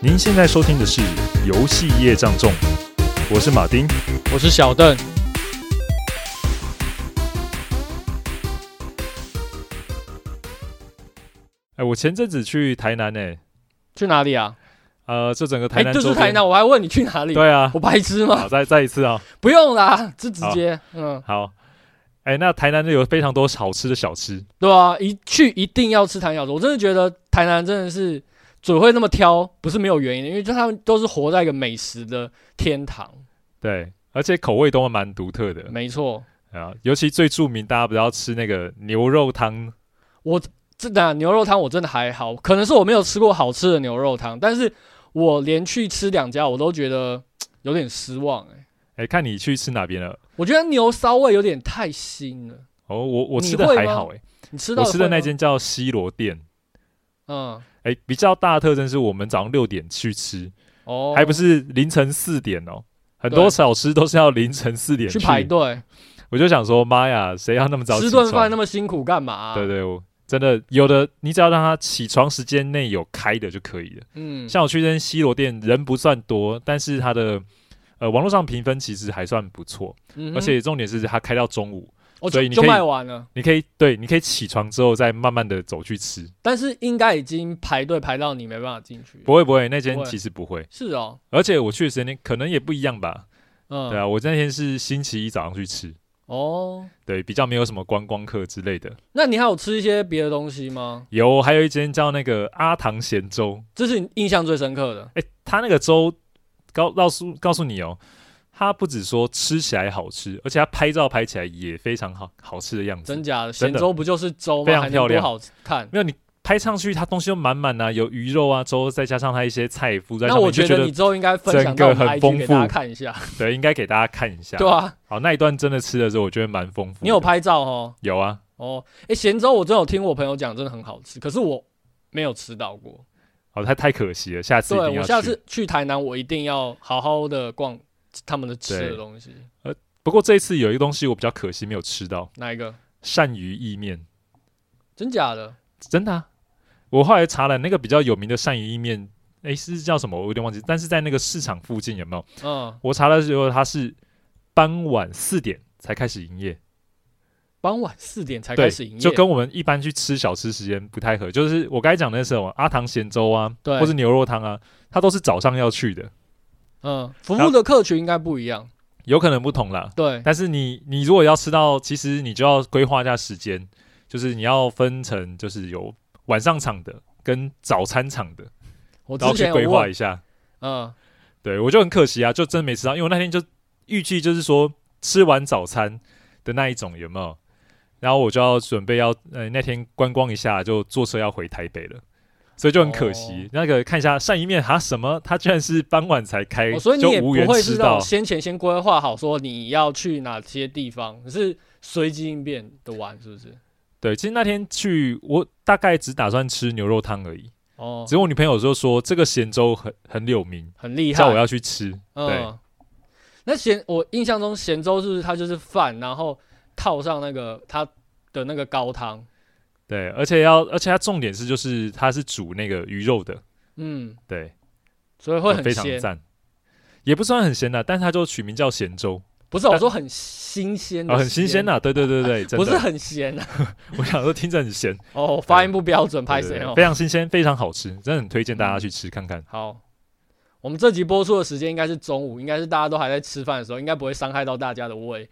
您現在收聽的是《遊戲業障重》，我是馬丁，我是小鄧。哎、欸，我前陣子去台南、欸，哎，去哪裡啊？呃，這整個台南、欸、就是台南，我還問你去哪裡？對啊，我白痴嗎？好再再一次啊、喔，不用啦，這直接嗯好。哎、嗯欸，那台南就有非常多好吃的小吃，對啊，一去一定要吃台小豬，我真的覺得台南真的是。嘴會那麼挑，不是沒有原因的，因為就他們都是活在一個美食的天堂，對，而且口味都會蠻獨特的，沒錯啊。尤其最著名，大家不要吃那個牛肉湯，我真的牛肉湯我真的還好，可能是我沒有吃過好吃的牛肉湯，但是我連去吃兩家，我都覺得有點失望，欸，哎，哎，看你去吃哪邊了？我覺得牛騷味有點太腥了。哦，我我吃的還好，欸，哎，你吃的我吃的那間叫西羅店，嗯。哎、欸，比較大的特徵是我們早上六點去吃，哦，oh, 還不是凌晨四點哦、喔。對很多小吃都是要凌晨四點去，去排隊，我就想說，媽呀，誰要那麼早吃頓飯那麼辛苦幹嘛、啊？對對，對我，真的有的，你只要讓他起床時間內有開的就可以了。嗯，像我去那間西羅店，人不算多，但是它的呃網絡上評分其實還算不錯，嗯、哼而且重點是它開到中午。哦，所以你可以就，就賣完了，你可以對，你可以起床之後再慢慢的走去吃，但是應該已經排隊排到你沒辦法進去。不會不會，那間其實不會。是哦會，而且我去的時間可能也不一樣吧。嗯，對啊，我那天是星期一早上去吃。哦，對，比較沒有什麼觀光客之類的。那你還有吃一些別的東西嗎？有，還有一間叫那個阿唐鹹粥，這是你印象最深刻的。誒，他那個粥，告告訴告訴你哦。它不只說吃起來好吃，而且它拍照拍起來也非常好，好吃的樣子。真假的鹹粥的不就是粥嗎？非常漂亮，好看。沒有你拍上去，它東西又滿滿啊，有魚肉啊，粥，再加上它一些菜，附在。那我覺得你之後應該分享到拍給大家看一下。對，應該給大家看一下。對啊，好，那一段真的吃的時候，我覺得蠻豐富。你有拍照哦？有啊。哦，哎、欸，鹹粥我真有聽我朋友講，真的很好吃，可是我沒有吃到過。哦，太太可惜了，下次一定要，對，我下次去台南，我一定要好好的逛他們的吃的東西，呃，不過這一次有一個東西我比較可惜沒有吃到，哪一個？鱔魚意麵，真假的？真的、啊。我後來查了那個比較有名的鱔魚意麵，哎、欸，是，是叫什麼？我有點忘記。但是在那個市場附近有沒有？嗯，我查的時候它是傍晚四點才開始營業，傍晚四點才開始營業，就跟我們一般去吃小吃時間不太合。就是我剛才講的是什麼阿堂鹹粥啊，對或是牛肉湯啊，它都是早上要去的。嗯，服務的客群應該不一樣，有可能不同啦。對，但是你你如果要吃到，其實你就要規劃一下時間，就是你要分成，就是有晚上場的跟早餐場的，然後去規劃一下。嗯，對，我就很可惜啊，就真沒吃到，因為我那天就預計就是說吃完早餐的那一種有沒有，然後我就要準備要，呃，那天觀光一下，就坐車要回台北了。所以就很可惜，哦、那個看一下鱔魚麵哈，什麼？它居然是傍晚才開，哦、所以你也不會知道。先前先規劃好說你要去哪些地方，是隨機應變的玩，是不是？對，其實那天去，我大概只打算吃牛肉湯而已。哦，只有我女朋友就說，這個鹹粥很很有名，很厲害，叫我要去吃。嗯，對那鹹我印象中鹹粥是不是它就是飯，然後套上那個它的那個高湯？對，而且要，而且它重點是，就是它是煮那個魚肉的，嗯，對，所以會很鮮，也不算很鹹的，但是它就取名叫鹹粥，不是我說很新鮮，很新鮮吶，對對對對，不是很鹹吶，我想說聽着很鹹哦，發音不標準，拍誰哦，非常新鮮，非常好吃，真的很推薦大家去吃看看。好，我們這集播出的時間應該是中午，應該是大家都還在吃飯的時候，應該不會傷害到大家的胃，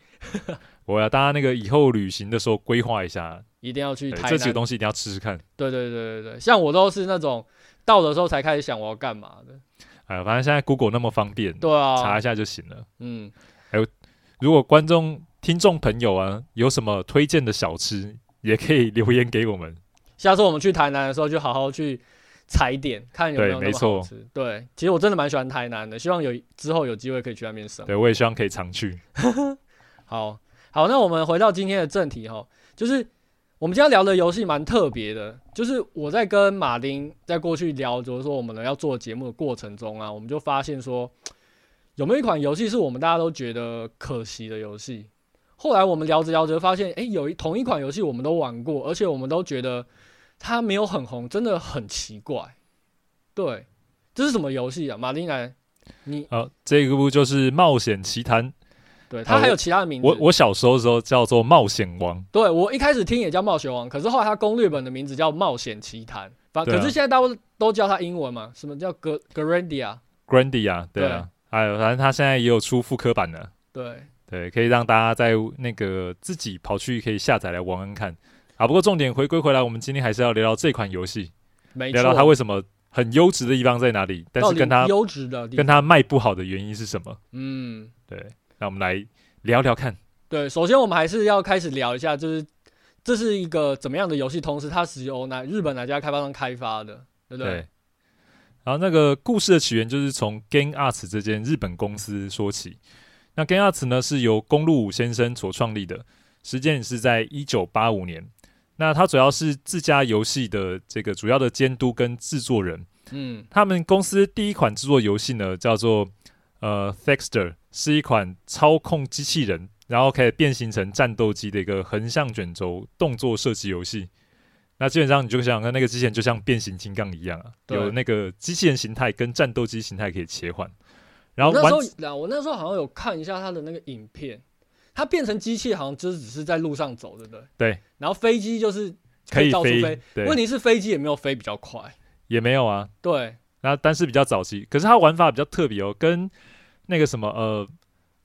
我要大家那個以後旅行的時候規劃一下。一定要去台南，欸，這幾個東西一定要吃吃看。對對對對對，像我都是那種到的時候才開始想我要幹嘛的。哎，反正現在 Google 那麼方便，對啊，查一下就行了。嗯，還有、欸，如果觀眾、聽眾朋友啊，有什麼推薦的小吃，也可以留言給我們。下次我們去台南的時候，就好好去踩點，看有沒有那麼好吃。對，沒錯。對，其實我真的蠻喜歡台南的，希望有之後有機會可以去那邊省。對，我也希望可以常去。 好好，那我們回到今天的正題哈、哦，就是。我們今天聊的遊戲蠻特別的，就是我在跟馬丁在過去聊，就是說我們呢要做節目的過程中啊，我們就發現說有沒有一款遊戲是我們大家都覺得可惜的遊戲。後來我們聊着聊着發現，誒、欸，有一同一款遊戲我們都玩過，而且我們都覺得它沒有很紅，真的很奇怪。對，這是什麼遊戲啊？馬丁來，你好，這一部就是冒《冒險奇譚》。對，他還有其他的名字，啊、我我小時候的時候叫做冒險王。對，我一開始聽也叫冒險王，可是後來他攻略本的名字叫冒險奇譚。反、啊、可是現在大家都叫他英文嘛，什麼叫 Grandia？Grandia，對啊，對哎，反正他現在也有出復刻版了。對對，可以讓大家在那個自己跑去可以下載來玩玩看啊。不過重點回歸回來，我們今天還是要聊到這款遊戲，沒錯，聊聊他為什麼很優質的地方在哪裡，但是跟他優質的，跟他賣不好的原因是什麼？嗯，對。那我們來聊聊看。對，首先我們還是要開始聊一下，就是這是一個怎麼樣的遊戲，同時它是由哪日本哪家開發商開發的，對不對？對。然後那個故事的起源就是從 Game Arts 這間日本公司說起。那 Game Arts 呢，是由宮路武先生所創立的，時間也是在一九八五年。那他主要是自家遊戲的這個主要的監督跟制作人。嗯。他們公司第一款制作遊戲呢叫做呃 Thexder。Th 是一款操控機器人，然後可以變形成戰鬥機的一個橫向卷軸動作射擊遊戲。那基本上你就想跟那個機器人就像變形金剛一樣啊，對有那個機器人形態跟戰鬥機形態可以切換。然後那時候、啊，我那時候好像有看一下它的那個影片，它變成機器好像就是只是在路上走着的。對，對。對，然後飛機就是可以到處飛，飛問題是飛機也沒有飛比較快，也沒有啊。對。那但是比較早期，可是它玩法比較特別哦，跟。那個什麼呃，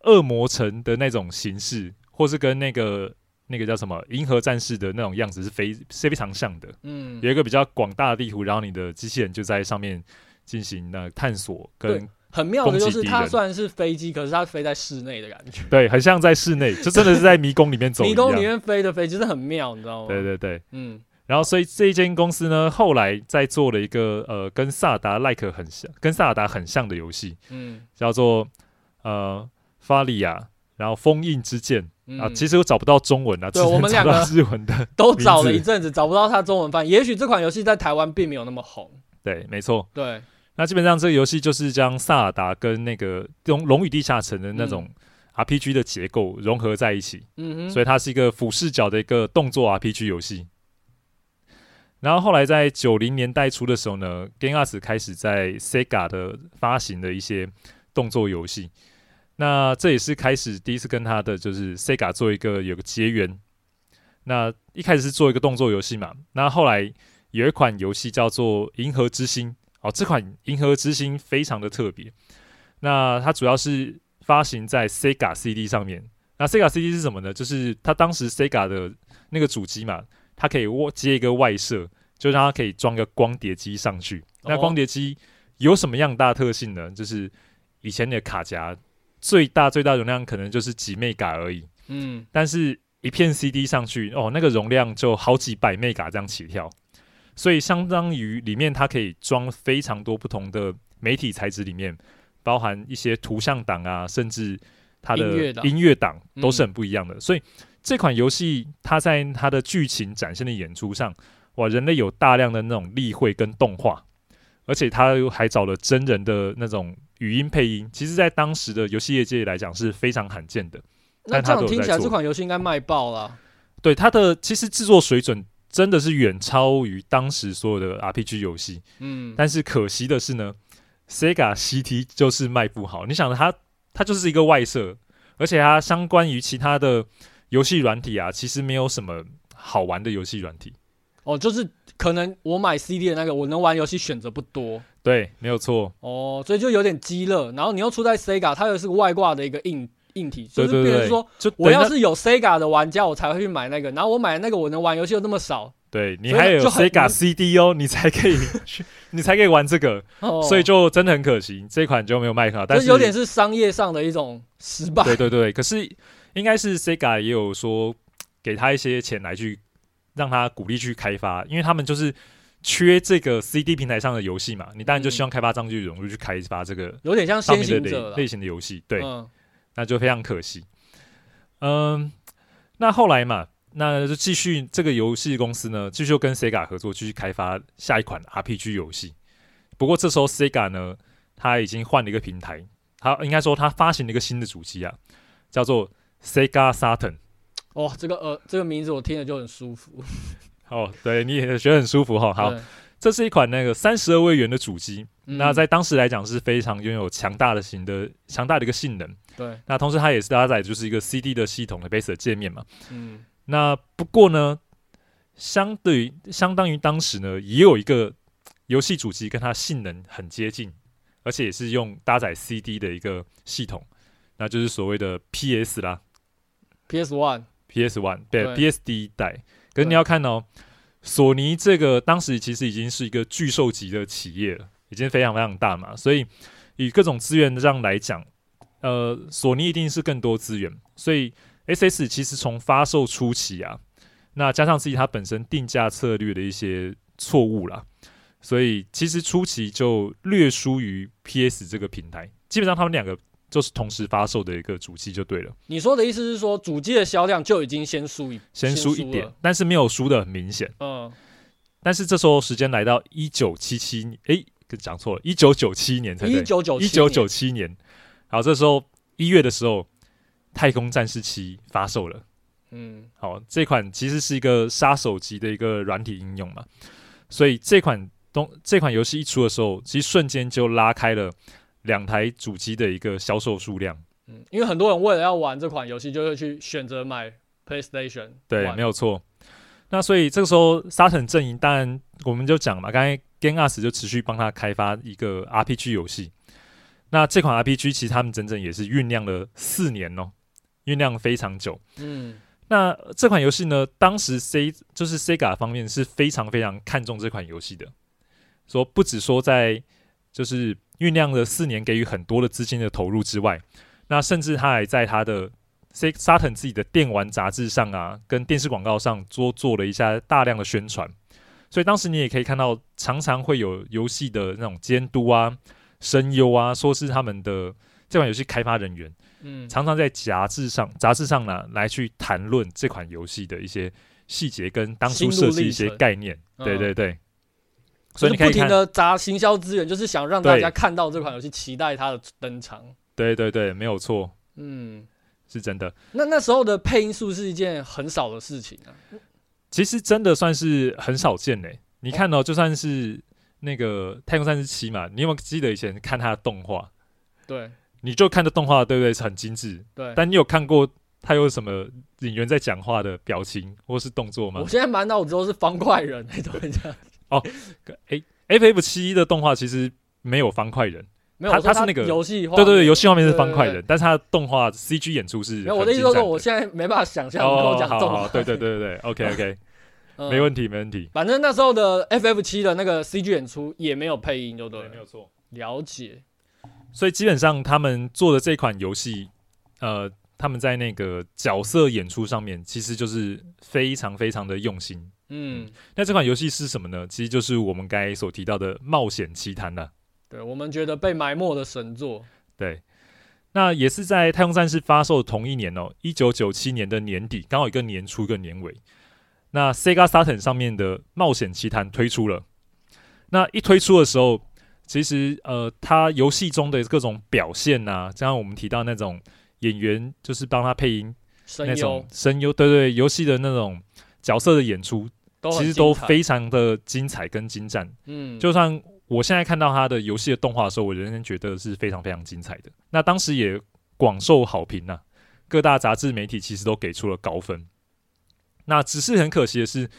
惡魔城的那種形式，或是跟那個那個叫什麼銀河戰士的那種樣子是非非常像的。嗯，有一個比較廣大的地圖，然後你的機器人就在上面進行那探索跟。跟很妙的就是它雖然是飛機，可是它飛在室內的感覺。對，很像在室內，就真的是在迷宮裡面走。對 迷宮裡面飛的飛機是很妙，你知道嗎？對對對，嗯。然後，所以這一間公司呢，後來在做了一個呃，跟薩爾達 like 很像，跟薩爾達很像的遊戲，嗯，叫做呃，法利亞，然後封印之劍、嗯、啊。其實我找不到中文啊，對，我們兩個日文的都找了一陣子，找不到它中文翻譯。也許這款遊戲在台灣並沒有那麼紅。對，沒錯。對，那基本上這個遊戲就是將薩爾達跟那個《龍龍與地下城》的那種 RPG 的結構融合在一起。嗯，所以它是一個俯視角的一個動作 RPG 遊戲。然後後來在九零年代初的時候呢，Game Arts 開始在 SEGA 的發行的一些動作遊戲，那這也是開始第一次跟他的就是 SEGA 做一個有個結緣。那一開始是做一個動作遊戲嘛，那後來有一款遊戲叫做《銀河之星》。哦，這款《銀河之星》非常的特別。那它主要是發行在 SEGA CD 上面。那 SEGA CD 是什麼呢？就是它當時 SEGA 的那個主機嘛。它可以接一個外設，就讓它可以裝個光碟機上去。那光碟機有什麼樣的大的特性呢？哦、就是以前的卡夾最大最大容量可能就是幾 Meg 而已。嗯，但是一片 CD 上去哦，那個容量就好幾百 Meg 這樣起跳。所以相當於裡面它可以裝非常多不同的媒體材質，裡面包含一些圖像檔啊，甚至它的音樂檔都是很不一樣的。嗯、所以這款遊戲，它在它的劇情展現的演出上，哇，人類有大量的那種立繪跟動畫，而且它還找了真人的那種語音配音。其實，在當時的遊戲業界來講，是非常罕見的。那這樣但它聽起來，這款遊戲應該賣爆了。對它的，其實製作水準真的是遠超於當時所有的 RPG 遊戲。嗯，但是可惜的是呢，Sega CT 就是賣不好。你想它，它它就是一個外設，而且它相關於其他的。遊戲軟體啊，其實沒有什麼好玩的遊戲軟體。哦，就是可能我買 CD 的那個，我能玩遊戲選擇不多。對，沒有錯。哦，所以就有點雞肋。然後你又出在 Sega，它又是外掛的一個硬硬體，就是比如說，對對對，我要是有 Sega 的玩家，我才會去買那個。然後我買那個，我能玩遊戲又那麼少。對，你還有 Sega CD 哦，你才可以 你才可以玩這個。哦、所以就真的很可惜，這款就沒有賣好，但是有點是商業上的一種失敗。對，對對對，可是。應該是 Sega 也有說，給他一些錢來去讓他鼓勵去開發，因為他們就是缺這個 CD 平台上的遊戲嘛。你當然就希望開發商就容易去開發這個有點像先行類型的遊戲，對，那就非常可惜。嗯，那後來嘛，那就繼續這個遊戲公司呢，繼續跟 Sega 合作，繼續開發下一款 RPG 遊戲。不過這時候 Sega 呢，他已經換了一個平台，他應該說他發行了一個新的主機啊，叫做。Sega Saturn，哦，這個呃，這個名字我聽着就很舒服。 哦，對你也覺得很舒服哈。好，對這是一款那個32位元的主機，嗯、那在當時來講是非常擁有強大的型的強大的一個性能。對，那同時它也是搭載就是一個 CD 的系統的 base 界面嘛。嗯，那不過呢，相對於相當於當時呢，也有一個遊戲主機跟它性能很接近，而且也是用搭載 CD 的一個系統，那就是所謂的 PS 啦。1 PS One，PS One，1, 對，對，PS 第一代。對可是你要看哦，對索尼這個當時其實已經是一個巨獸級的企業了，已經非常非常大嘛。所以以各種資源這樣來講，呃，索尼一定是更多資源。所以 SS 其實從發售初期啊，那加上自己它本身定價策略的一些錯誤啦，所以其實初期就略輸於 PS 這個平台。基本上他們兩個。就是同時發售的一個主機就對了。你說的意思是說，主機的銷量就已經先輸一，先輸一點，但是沒有輸得很明顯。嗯，但是這時候時間來到一九七七年，哎、欸，講錯了，一九九七年才對，一九九一九九七年。好，這時候一月的時候，太空戰士七發售了。嗯，好，這款其實是一個殺手級的一個軟體應用嘛，所以這款東這款遊戲一出的時候，其實瞬間就拉開了。兩台主機的一個銷售數量。嗯，因為很多人為了要玩這款遊戲，就會去選擇買 PlayStation。對，沒有錯。那所以這個時候沙，沙城陣營當然我們就講嘛，剛才 Game Arts 就持續幫他開發一個 RPG 遊戲。那這款 RPG 其實他們整整也是醞釀了四年哦、喔，醞釀非常久。嗯，那這款遊戲呢，當時 C 就是 Sega 方面是非常非常看重這款遊戲的，說不止說在就是。醞釀了四年，給予很多的資金的投入之外，那甚至他還在他的，沙沙 n 自己的電玩雜誌上啊，跟電視廣告上多做，做了一下大量的宣傳。所以當時你也可以看到，常常會有遊戲的那種監督啊、聲優啊，說是他們的這款遊戲開發人員，嗯，常常在雜誌上，雜誌上呢、啊、來去談論這款遊戲的一些細節跟當初設計一些概念，嗯、對對對。所以，你可以，不停的砸行銷資源，就是想讓大家看到這款遊戲，對期待它的登場。對對對，沒有錯。嗯，是真的。那那時候的配音數是一件很少的事情啊。其實真的算是很少見呢。啊、你看到、哦、就算是那個《太空三十七》嘛，你有沒有記得以前看它的動畫？對，你就看的動畫，對不對？是很精致。對。但你有看過它有什麼演員在講話的表情或是動作嗎？我現在滿腦子都是方塊人那種人。 哦，誒，F F 七的動畫其實沒有方塊人，沒有，他他是那個對對對，遊戲畫面是方塊人，但是他動畫 C G 演出是。那我的意思是，我現在沒辦法想象我講動畫。對對對對對，OK OK，沒問題沒問題。反正那時候的 F F 七的那個 C G 演出也沒有配音，就對，沒有錯，了解。所以基本上他們做的這款遊戲，呃，他們在那個角色演出上面，其實就是非常非常的用心。嗯，那這款遊戲是什麼呢？其實就是我們剛才所提到的《冒險奇譚》了。對，我們覺得被埋沒的神作。對，那也是在《太空戰士》發售的同一年哦、喔，一九九七年的年底，剛好一個年初，一個年尾。那 Sega Saturn 上面的《冒險奇譚》推出了。那一推出的時候，其實呃，它遊戲中的各種表現吶、啊，加上我們提到那種演員就是幫他配音，那種聲優，聲優，對,對對，遊戲的那種角色的演出。其實都非常的精彩跟精湛，嗯，就算我現在看到他的遊戲的動畫的時候，我仍然覺得是非常非常精彩的。那當時也廣受好評吶、啊，各大雜誌媒體其實都給出了高分。那只是很可惜的是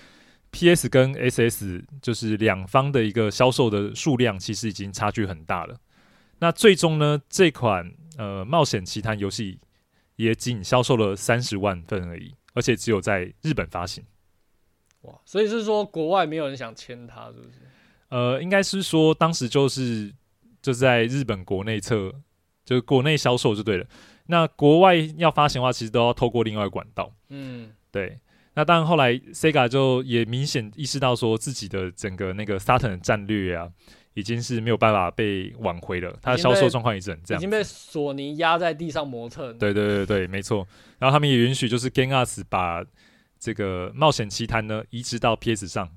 ，P S 跟 S S 就是兩方的一個銷售的數量其實已經差距很大了。那最終呢，這款呃冒險奇譚遊戲也僅銷售了三十萬份而已，而且只有在日本發行。哇，所以是說國外沒有人想簽他，是不是？呃，應該是說當時就是就是在日本國內測，就是國內銷售就對了。那國外要發行的話，其實都要透過另外管道。嗯，對。那當然，後來 Sega 就也明顯意識到說，自己的整個那個 Saturn 戰略啊，已經是沒有辦法被輓回了。他的銷售狀況也是很這樣已，已經被索尼壓在地上磨蹭。對對對對， 沒錯。然後他們也允許就是 Game Arts 把。這個冒險奇譚呢移植到 PS 上，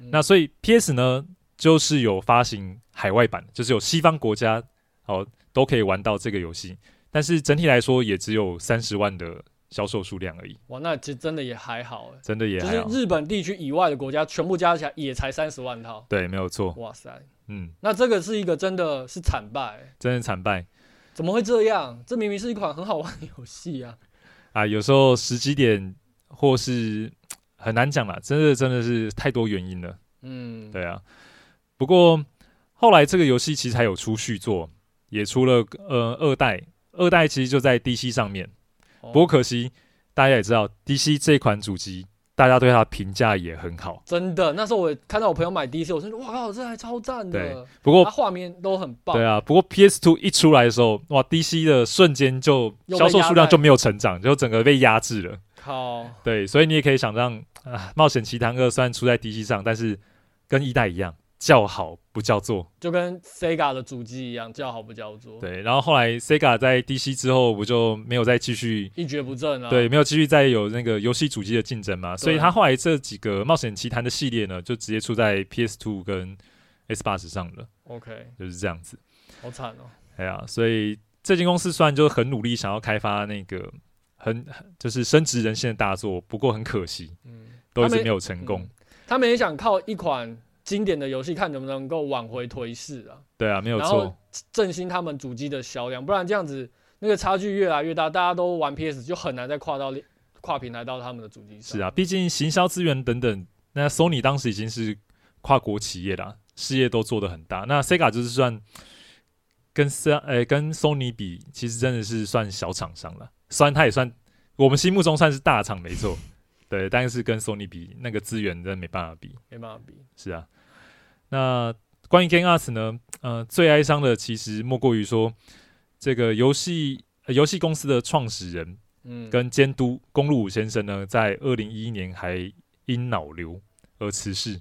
嗯、那所以 PS 呢就是有發行海外版，就是有西方國家哦都可以玩到這個遊戲，但是整體來說也只有三十萬的銷售數量而已。哇，那其實真的也還好，真的也還好。就是日本地區以外的國家全部加起來也才三十萬套。對，沒有錯。哇塞，嗯，那這個是一個真的是慘敗，真的慘敗。怎麼會這樣？這明明是一款很好玩的遊戲啊！啊，有時候十幾點。或是很難講了，真的真的是太多原因了。嗯，對啊。不過後來這個遊戲其實還有出續作，也出了呃二代，二代其實就在 D C 上面。不過可惜大家也知道 D C 這款主機，大家對它的評價也很好。哦、真的，那時候我看到我朋友買 D C，我說哇靠，這還超讚的對。不過畫面都很棒。對啊，不過 P S Two 一出來的時候，哇 D C 的瞬間就銷售數量就沒有成長，就整個被壓制了。靠，對，所以你也可以想像啊，《冒險奇譚二》雖然出在 DC 上，但是跟一代一樣叫好不叫座，就跟 SEGA 的主機一樣叫好不叫座。對，然後後來 SEGA 在 DC 之後不就沒有再繼續一蹶不振了、啊？對，沒有繼續再有那個遊戲主機的競爭嘛？對所以他後來這幾個《冒險奇譚》的系列呢，就直接出在 PS2 跟 S 八十上了。OK，就是這樣子。好慘哦。哎呀、啊，所以這間公司雖然就很努力想要開發那個。很就是升職人性的大作，不過很可惜，嗯，都一直沒有成功。嗯、他們也、嗯、想靠一款經典的遊戲，看能不能夠挽回頹勢啊。對啊，沒有錯，振興他們主機的銷量，不然這樣子那個差距越來越大，大家都玩 PS 就很難再跨到跨平台到他們的主機上。是啊，畢竟行銷資源等等，那 Sony 當時已經是跨國企業啦，事業都做得很大。那 Sega 就是算跟 Sega 誒、欸、跟 Sony 比，其實真的是算小廠商了。算，他也算，我們心目中算是大廠，沒錯，對，但是跟索尼比，那個資源真的沒辦法比，沒辦法比，是啊。那關於 Game Arts 呢？呃，最哀傷的其實莫過於說，這個遊戲遊戲公司的創始人，嗯，跟監督宮路武先生呢，嗯、在二零一一年還因腦瘤而辭世。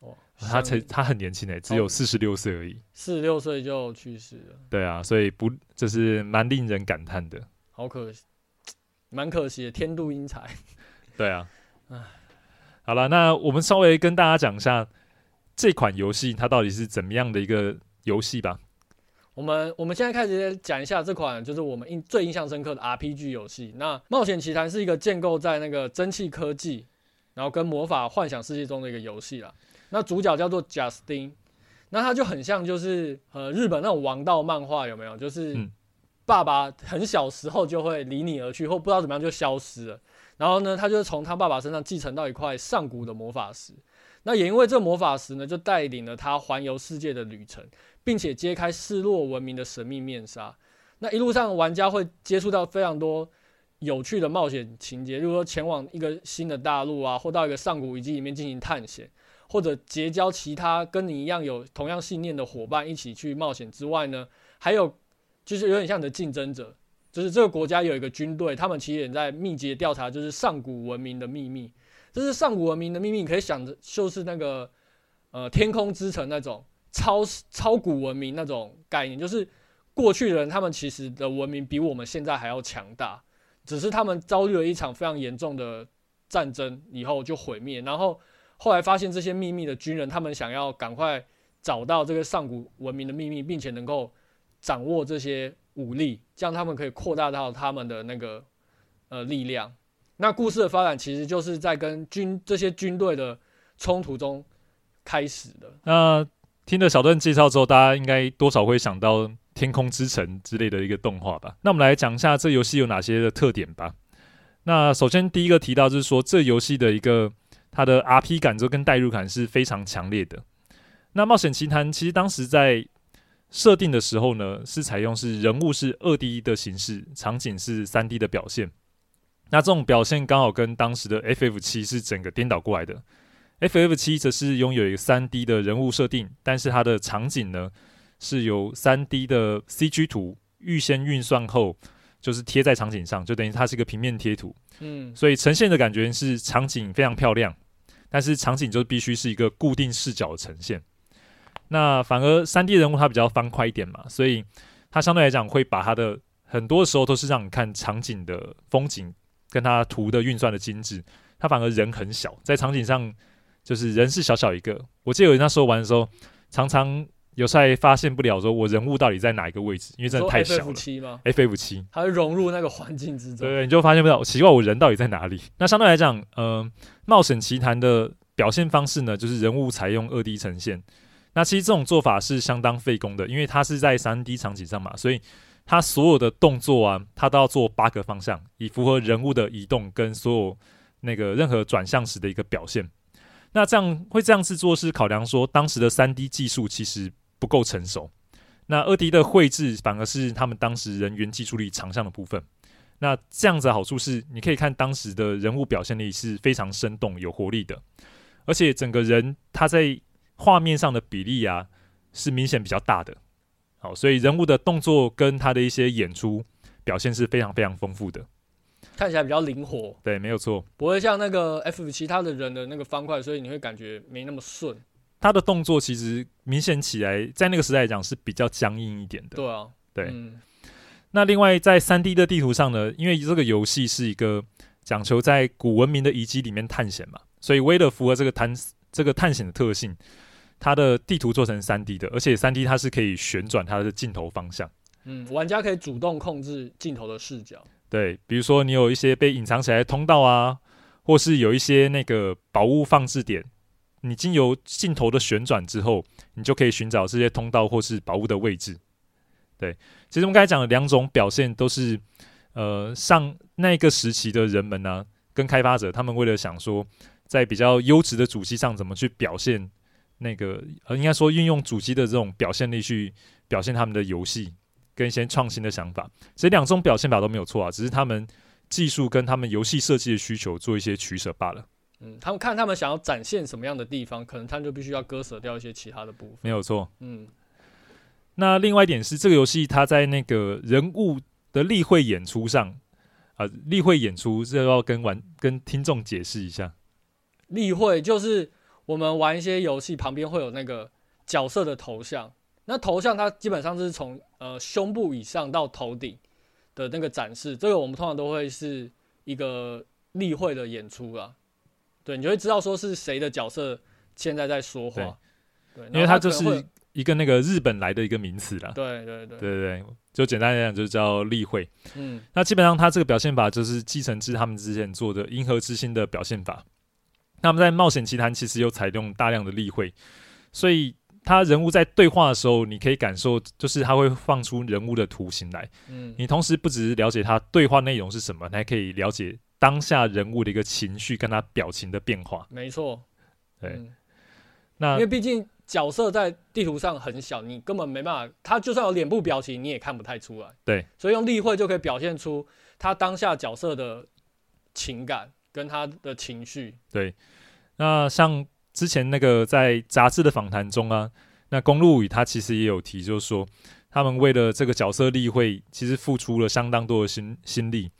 哇、呃。他才他很年輕誒、欸，只有四十六歲而已，四十六歲就去世了。對啊，所以不，這、就是蠻令人感嘆的。好可惜，蠻可惜的，天妒英才。對啊， 唉好了，那我們稍微跟大家講一下這款遊戲它到底是怎麼樣的一個遊戲吧。我們我們現在開始講一下這款就是我們印最印象深刻的 RPG 遊戲。那《冒險奇譚》是一個建構在那個蒸汽科技，然後跟魔法幻想世界中的一個遊戲啦。那主角叫做賈斯汀，那他就很像就是呃日本那種王道漫畫有沒有？就是。嗯爸爸很小時候就會離你而去，或不知道怎麼樣就消失了。然後呢，他就是從他爸爸身上繼承到一塊上古的魔法石。那也因為這魔法石呢，就帶領了他環遊世界的旅程，並且揭開失落文明的神秘面紗。那一路上，玩家會接觸到非常多有趣的冒險情節，就是說前往一個新的大陸啊，或到一個上古遺跡裡面進行探險，或者結交其他跟你一樣有同樣信念的夥伴一起去冒險。之外呢，還有。就是有點像你的競爭者，就是這個國家有一個軍隊，他們其實也在密集的調查，就是上古文明的秘密。就是上古文明的秘密，你可以想着就是那個，呃，天空之城那種超超古文明那種概念，就是過去人他們其實的文明比我們現在還要強大，只是他們遭遇了一場非常嚴重的戰爭以後就毀滅，然後後來發現這些秘密的軍人，他們想要趕快找到這個上古文明的秘密，並且能夠。掌握這些武力，這樣他們可以擴大到他們的那個呃力量。那故事的發展其實就是在跟軍這些軍隊的衝突中開始的。那聽了小鄧介紹之後，大家應該多少會想到《天空之城》之類的一個動畫吧？那我們來講一下這遊戲有哪些的特點吧。那首先第一個提到就是說，這遊戲的一個它的 R P 感就跟代入感是非常強烈的。那《冒險奇譚》其實當時在設定的時候呢，是採用是人物是二 D 的形式，場景是三 D 的表現。那這種表現剛好跟當時的 FF 七是整個顛倒過來的。FF 七則是擁有一個三 D 的人物設定，但是它的場景呢是由三 D 的 CG 圖預先運算後，就是貼在場景上，就等於它是一個平面貼圖。嗯，所以呈現的感覺是場景非常漂亮，但是場景就必須是一個固定視角的呈現。那反而三 D 人物它比較方塊一點嘛，所以它相對來講會把它的很多時候都是讓你看場景的風景，跟它圖的運算的精致。它反而人很小，在場景上就是人是小小一個。我記得有人他說玩的時候，常常有時候發現不了說我人物到底在哪一個位置，因為真的太小了 FF7。FF7，它會融入那個環境之中。對，你就發現不到奇怪，我人到底在哪裡？ 那相對來講，嗯、呃，冒險奇譚的表現方式呢，就是人物採用二 D 呈現。那其實這種做法是相當費工的，因為它是在三 D 場景上嘛，所以它所有的動作啊，它都要做八個方向，以符合人物的移動跟所有那個任何轉向時的一個表現。那這樣會這樣子做，是考量說當時的三 D 技術其實不夠成熟。那二 D 的繪製反而是他們當時人員技術力長項的部分。那這樣子的好處是，你可以看當時的人物表現力是非常生動、有活力的，而且整個人他在。畫面上的比例啊，是明顯比較大的，好，所以人物的動作跟他的一些演出表現是非常非常豐富的，看起來比較靈活。對，沒有錯，不會像那個 F 其他的人的那個方塊，所以你會感覺沒那麼順。他的動作其實明顯起來，在那個時代來講是比較僵硬一點的。對啊，對。嗯、那另外在三 D 的地圖上呢，因為這個遊戲是一個講求在古文明的遺跡裡面探險嘛，所以為了符合這個探這個探險的特性。它的地圖做成三 D 的，而且三 D 它是可以旋轉它的鏡頭方向，嗯，玩家可以主動控制鏡頭的視角。對，比如說你有一些被隱藏起來的通道啊，或是有一些那個寶物放置點，你經由鏡頭的旋轉之後，你就可以尋找這些通道或是寶物的位置。對，其實我們剛才講的兩種表現都是，呃，上那個時期的人們呢、啊，跟開發者他們為了想說，在比較優質的主機上怎麼去表現。那個呃，應該說運用主機的這種表現力去表現他們的遊戲跟一些創新的想法，這兩種表現法都沒有錯啊，只是他們技術跟他們遊戲設計的需求做一些取舍罷了。嗯，他們看他們想要展現什麼樣的地方，可能他們就必須要割舍掉一些其他的部分。沒有錯，嗯。那另外一點是這個遊戲，它在那個人物的例會演出上，啊、呃，例會演出這要跟玩跟聽眾解釋一下。例會就是。我們玩一些遊戲，旁邊會有那個角色的頭像。那頭像它基本上是從呃胸部以上到頭頂的那個展示。這個我們通常都會是一個例會的演出啦。對，你就會知道說是誰的角色現在在說話。對，對因為它就是一個那個日本來的一個名詞啦。對對對。對，對，對就簡單來講就叫例會。嗯，那基本上它這個表現法就是繼承自他們之前做的《銀河之星》的表現法。他們在冒險奇譚其實有採用大量的立繪，所以他人物在對話的時候，你可以感受，就是他會放出人物的圖形來。嗯，你同時不只是了解他對話內容是什麼，你還可以了解當下人物的一個情緒跟他表情的變化。沒錯，對。嗯，那因為畢竟角色在地圖上很小，你根本沒辦法，他就算有臉部表情，你也看不太出來。對，所以用立繪就可以表現出他當下角色的情感。跟他的情緒。對，那像之前那個在雜誌的訪談中啊，那公路宇他其實也有提，就是說他們為了這個角色立繪，其實付出了相當多的心心力。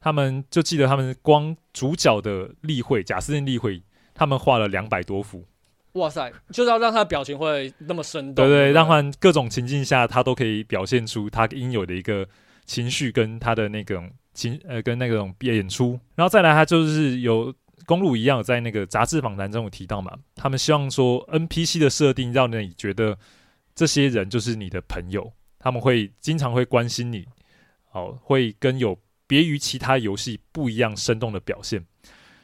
他們就記得他們光主角的立繪、賈斯汀立繪，他們畫了兩百多幅。哇塞，就是要讓他的表情會那麼生動， 對不對，讓他各種情境下他都可以表現出他應有的一個。情緒跟他的那種、個、情呃，跟那種演演出，然後再來，他就是有公路一樣，在那個雜誌訪談中有提到嘛，他們希望說 N P C 的設定讓你覺得這些人就是你的朋友，他們會經常會關心你。哦，會跟有別於其他遊戲不一樣生動的表現。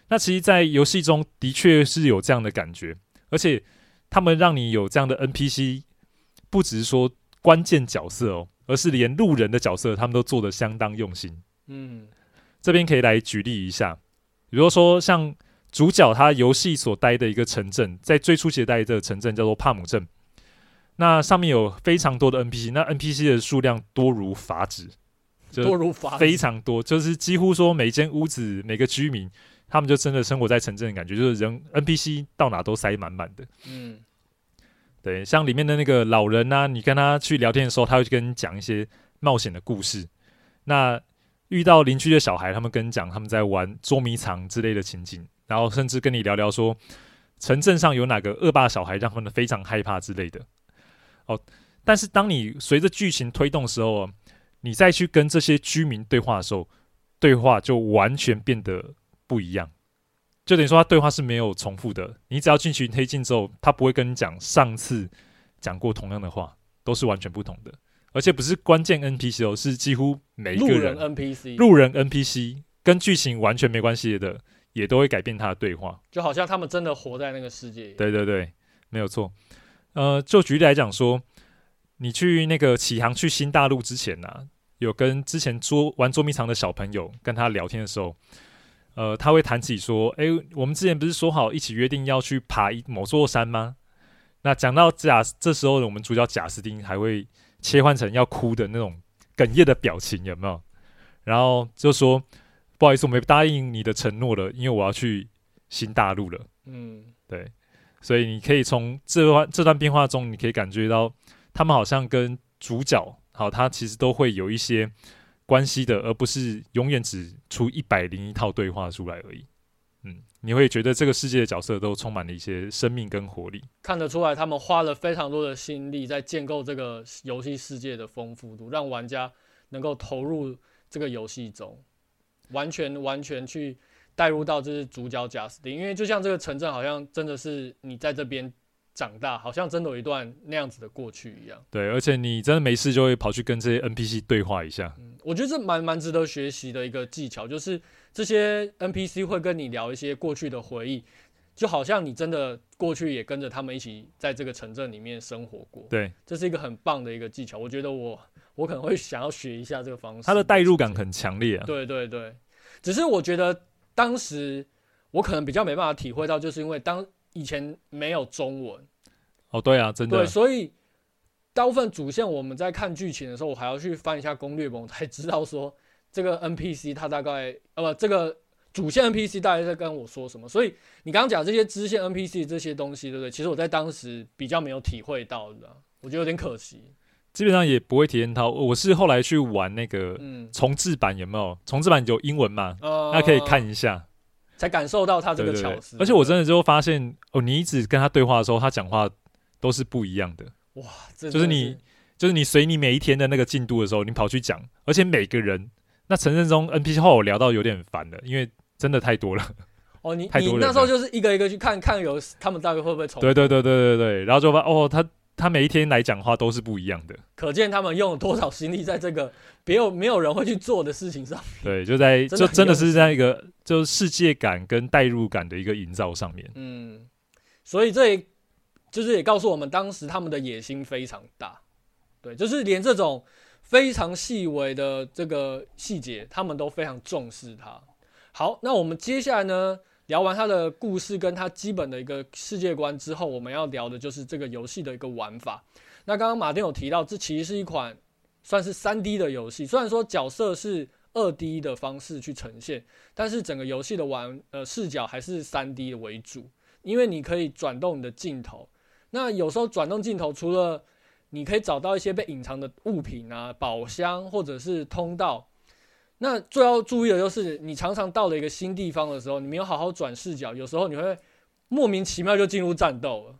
那其實，在遊戲中的確是有這樣的感覺，而且他們讓你有這樣的 N P C，不只是說關鍵角色哦。而是連路人的角色，他們都做得相當用心。嗯，這邊可以來舉例一下，比如說像主角他遊戲所待的一個城鎮，在最初攜帶的城鎮叫做帕姆鎮，那上面有非常多的 NPC，那 NPC 的數量多如髮指，多如髮指，非常多，多就是幾乎說每間屋子每個居民，他們就真的生活在城鎮的感覺，就是人 NPC 到哪都塞滿滿的。嗯。對，像裡面的那個老人吶、啊，你跟他去聊天的時候，他會跟你講一些冒險的故事。那遇到鄰居的小孩，他們跟你講他們在玩捉迷藏之類的情景，然後甚至跟你聊聊說，城鎮上有哪個惡霸小孩讓他們非常害怕之類的。哦，但是當你隨着劇情推動的時候，你再去跟這些居民對話的時候，對話就完全變得不一樣。就等於說，他對話是沒有重複的。你只要進去推進之後，他不會跟你講上次講過同樣的話，都是完全不同的。而且不是關鍵 NPC 哦，是幾乎每一個人 NPC，路人 NPC 跟劇情完全沒關係的，也都會改變他的對話。就好像他們真的活在那個世界。對對對，沒有錯。呃，就舉例來講說，你去那個啟航去新大陸之前呢啊，有跟之前捉玩捉迷藏的小朋友跟他聊天的時候。呃，他會談起說，誒，我們之前不是說好一起約定要去爬一某座山嗎？那講到賈，這時候我們主角賈斯汀還會切換成要哭的那種哽咽的表情，有沒有？然後就說不好意思，我沒答應你的承諾了，因為我要去新大陸了。嗯，對，所以你可以從這段這段變化中，你可以感覺到他們好像跟主角，好，他其實都會有一些。關係的，而不是永遠只出一百零一套對話出來而已。嗯，你會覺得這個世界的角色都充滿了一些生命跟活力，看得出來他們花了非常多的心力在建構這個遊戲世界的豐富度，讓玩家能夠投入這個遊戲中，完全完全去帶入到這是主角賈斯汀。因為就像這個城鎮，好像真的是你在這邊。長大好像真的有一段那樣子的過去一樣。對，而且你真的沒事就會跑去跟這些 NPC 對話一下。嗯，我覺得這蠻蠻值得學習的一個技巧，就是這些 NPC 會跟你聊一些過去的回憶，就好像你真的過去也跟着他們一起在這個城鎮裡面生活過。對，這是一個很棒的一個技巧，我覺得我我可能會想要學一下這個方式。它的代入感很強烈啊。對對對，只是我覺得當時我可能比較沒辦法體會到，就是因為當。以前沒有中文，哦，對啊，真的，對，所以大部分主線我們在看劇情的時候，我還要去翻一下攻略本，我才知道說這個 NPC 他大概呃不、啊，這個主線 NPC 大概在跟我說什麼。所以你剛剛講這些支線 NPC 這些東西，對不對？其實我在當時比較沒有體會到的，我覺得有點可惜。基本上也不會體驗到，我是後來去玩那個重製版，有沒有重製版有英文嘛？大、嗯、那可以看一下。才感受到他這個巧思，對對對，而且我真的就發現哦、哦，你一直跟他對話的時候，他講話都是不一樣的哇！真的是就是你，就是你隨你每一天的那個進度的時候，你跑去講，而且每個人那城鎮中 NPC 後，我聊到有點煩了，因為真的太多了哦，你你那時候就是一個一個去看看有他們大概會不會重。對，對對對對對對，然後就發哦他。他每一天來講話都是不一樣的，可見他們用了多少心力在這個別有沒有人會去做的事情上面。對，就在真的，就真的是在一個就世界感跟代入感的一個營造上面。嗯，所以這就是也告訴我們，當時他們的野心非常大。對，就是連這種非常細微的這個細節，他們都非常重視它。好，那我們接下來呢，聊完他的故事跟他基本的一個世界觀之後，我們要聊的就是這個遊戲的一個玩法。那剛剛馬丁有提到，這其實是一款算是 3D 的遊戲，雖然說角色是 2D 的方式去呈現，但是整個遊戲的玩呃視角還是 3D 為主，因為你可以轉動你的鏡頭。那有時候轉動鏡頭，除了你可以找到一些被隱藏的物品啊、寶箱或者是通道。那最要注意的就是，你常常到了一個新地方的時候，你沒有好好轉視角，有時候你會莫名其妙就進入戰鬥了。